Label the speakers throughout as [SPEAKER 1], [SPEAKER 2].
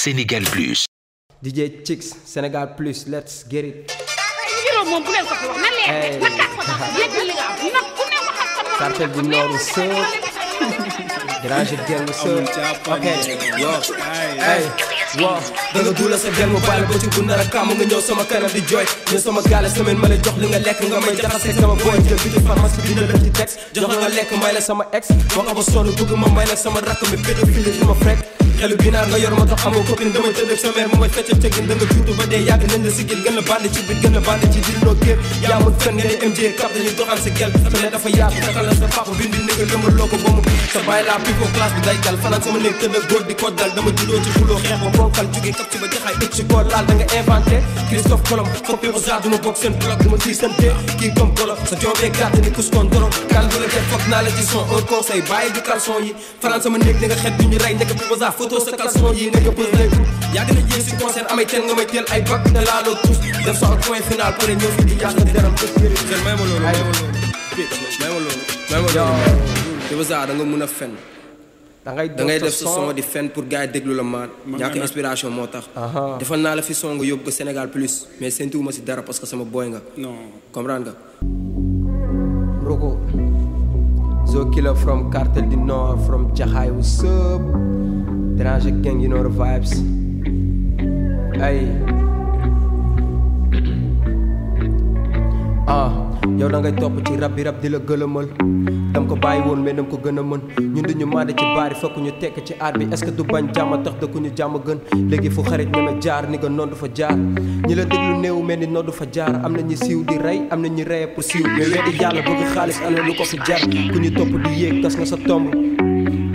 [SPEAKER 1] Sénégal Plus. Plus let's get it. moom bu leen ko fi nga am nag ku bi nooru sër garage gellu a sama kanam di jox li nga lekk nga may jaxase sama booy jël bi ci jox la nga sama ex wax ko ba ma may sama rakk mi pédophile li ma fekk قلب هنا غير مطعم وكوب اندمج تدك سمير ممثل تك اندمج جود وبدا ياكل لنا سجل قلنا بالي شو بتقلنا بالي جديد لو كير يا مثن يا ام جي كاب ده يدور عن سجل فلا دفيات تخلى سباق وبين بين نقل يوم اللوكو بوم سبايل ابيكو كلاس بداي قال فانا تمني تدك جود دي كود دال دم جلو تخلو خيخ وبوم قال جوجي كاب تبا جخاي اتش كول لال دنگا انفانتي كريستوف كولم كوبي وزاد نو بوكسن بلوك دم سيستمتي كي كوم كولم سجوبي كات ني كوسكون دورو قال دولا كيف فوك نالجي سون اون كونساي باي دي كالسون يي فرانسا من نيك نيغا خيت دي ني راي نيك بوزا فوت moto sa def mun a fen da ngay def sa son di fen pour gars yi déglu la maan ñàkk inspiration moo tax defal naa la fi song yóbbu ko Sénégal plus mais séntuwuma si dara parce que sama booy nga comprendre nga Roko Zo Killer from Cartel du Nord from Jaxaay what's up Déranger Gang, you know the vibes. Hey. ah yow da ngay topp ci rab bi rab di la gëlëmal dam ko bàyyi woon mel na ko gën a mën ñun duñu màndi ci baari fokk ñu tekk ci aar bi est-ce que du bañ jàmm tax dëkku ñu jàmm gën léegi fu xarit mën a jaar ni nga noonu du fa jaar ñi la déglu néew mel ni noonu du fa jaar am na ñu siiw di rey am na ñu reye pour siiw mais weddi yàlla bëgg xaalis ana lu ko fi jar ku ñu topp di yéeg tas nga sa tomb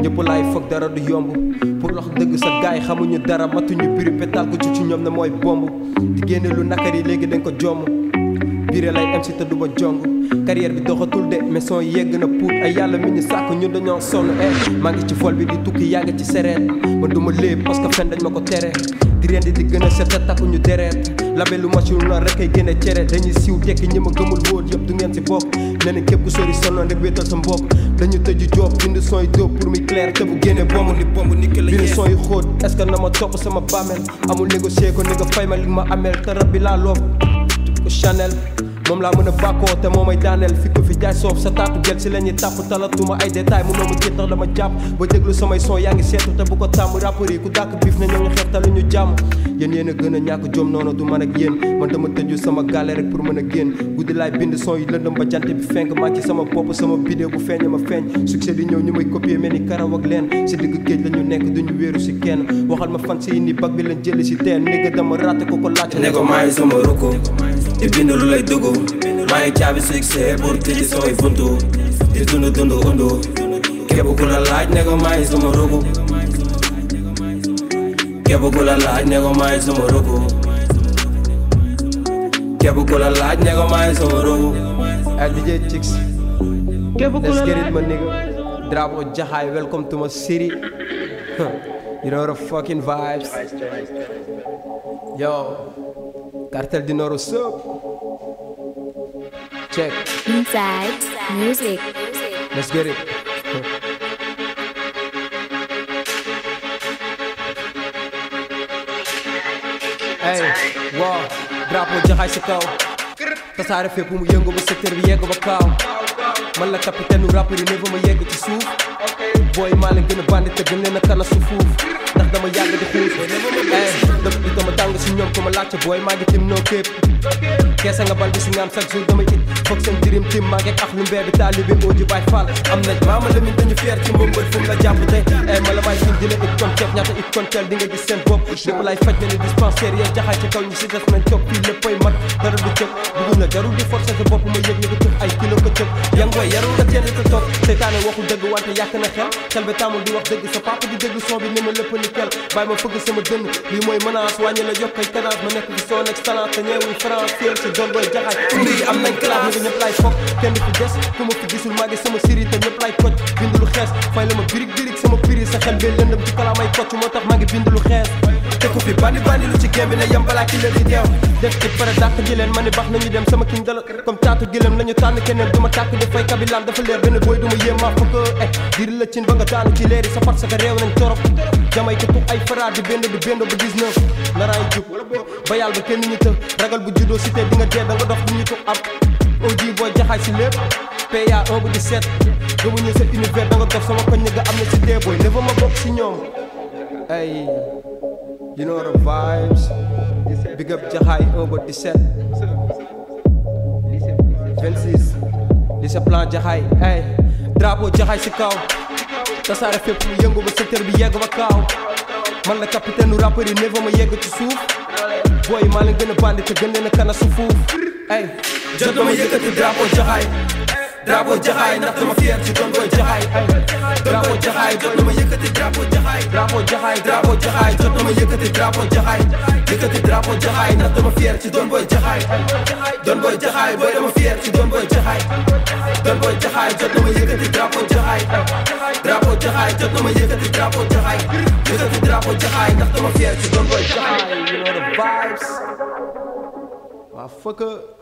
[SPEAKER 1] ñëpp laay foog dara du yomb pour wax dëgg sa gaay xamuñu dara matuñu biri pétal ko ci ci ñoom ne mooy bomb di lu nakar yi léegi dañ ko jomm biire lay am si te du jong carrière bi doxatul de mais son yegg na puut ay yàlla mi ñu sàkk ñun dañoo sonn e maa ngi ci vol bi di tukki yaa ngi ci sereet man du ma léeb parce que fen ma ko tere di rendi di gën a set a takkuñu dereet labelu machine la rek ay génne cere dañuy siiw tekki ñi ma gëmul wóor nee na képp ku sori sonnoon rek wéetal sa mbokk dañu tëju joob bind son yu dóob pour muy clair te bu génne bomb li bomb ni que la bind son yu xóot est na ma topp sama bàmmeel amul négocier ko ni nga fay ma li ma ameel te rab bi laa loob ko moom laa mën a bàkkoo te moo may daaneel fi ko fi jaay soof sa taatu jël si la tàpp talatuma ay détails mënoo ma jéet ndax dama jàpp ba déglu samay son yaa ngi seetu te bu ko tàmm rappeur yi a ñàkk jom noonu du man sama gaale rek pour mën a génn guddi laay bind son yi lëndëm ba jant bi fenk maa ci sama bopp sama bidéo bu feeñ ma feeñ succès di ñëw ñu may copier mel ni karaw ak leen si digg géej la ñu nekk duñu wéeru si kenn waxal ma fan si ni bag bi lañ jëli si teen nigga dama ratte ko ko laaj ne ko maay sama di bind lu lay dugg maa ngi caabi succès pour tijji samay buntu di dund dund undu képp ku la laaj ne ko maa sama rugu képp ku la laaj ne ko maa sama rugu képp ku la laaj ne ko maa sama rugu ak Chicks képp ku la laaj ma nigga Drapeau Jaxaay welcome to my city you know the fucking vibes yo Cartel di Noro Sub Check. Inside music. Let's get it. Hey, wow, drop mo jahay sa kaw Tas harap yung pumuyang gumasag terbiyego bakaw Mala kapitan ng rapper yung never mayego ci suf Boy maling ginabanit ka ganyan na ka na sufuf Nakdamayaga di huf Hey, li dama tàng si ñoom ko ma laajte booy maa ngi tim noo keesa nga bal ngaam chaque dama ci foog seen dirim tim maa ngi ak lu mbeer bi taalibi mboo ji baay fall am maama la min dañu fier ci mbëmbër fu mu ay malamay fi di la it konteel ñaata it konteel di nga gis seen bopp lépp laay faj mel ni dispensaire yee jaxaay ci kaw ñu si des nañ toog fii léppay mat dara du cëg dugub na jarul di forcé sa bopp ma yëg ñu ko cëg ay kilo ko cëg yangoy yarul nga teel ko toog seytaane waxul dëgg wante yàq na xel xel bi tàmmul di wax dëgg sa papa di dëgg son bi ni ma lépp ni kel bàyyi ma fëgg sama dënn lii mooy menace wàññi la yokk ay cadence ma nekk ci son excellence te ñeewuñ France fier ci doon booy jaxaay lii am nañ classe ñëpp laay foog kenn fi des ku ma fi gisul maa ngi sama siri te ñëpp laay koj bind lu xees fay la ma birig birig sama birig bàyyi sa xel bi lëndëm ci kala may kocc moo tax maa ngi bind lu xees te ku fi bandi bandi lu ci géem bi ne yem balaa ki leen di teew def ci pare dàq gi leen ma ne nañu dem sama kiñ dala comme taatu gëlëm lañu tànn keneen duma tàkk di fay kabilaan dafa leer benn boy duma yéem maa fukk eh dir la cin ba nga daanu ci leeri sa parce que réew nañ torop jamay ko ay fara di bendo di bendo ba 19 naraay jub ba yàlla ba kenn ñu të ragal bu juddoo cité di nga dee da nga dox du ñu ko ab OG booy jaxaay si lépp PA 1 ba di 7 gëmuñu seen univers danga toog sama koñ nga am na si dee booy never ma bokk si ñoom ay you know the vibes big up jaxaay 1 ba 17 26 sa plan jaxaay ay drapeau jaxaay si kaw tasaare fépp lu yëngu ba secteur bi yegg ba kaaw man la capitaine nu rappeur yi never ma yegg ci suuf booy maa leen gën a bandi te gën a kana su fuuf ay jot dama yëkkati drapeau jaxaay drapeau jaxaay ndax dama fier ci doon koy jaxaay drapeau jaxaay jot na ma yëkkati drapeau jaxaay drapeau jaxaay drapeau jaxaay jot na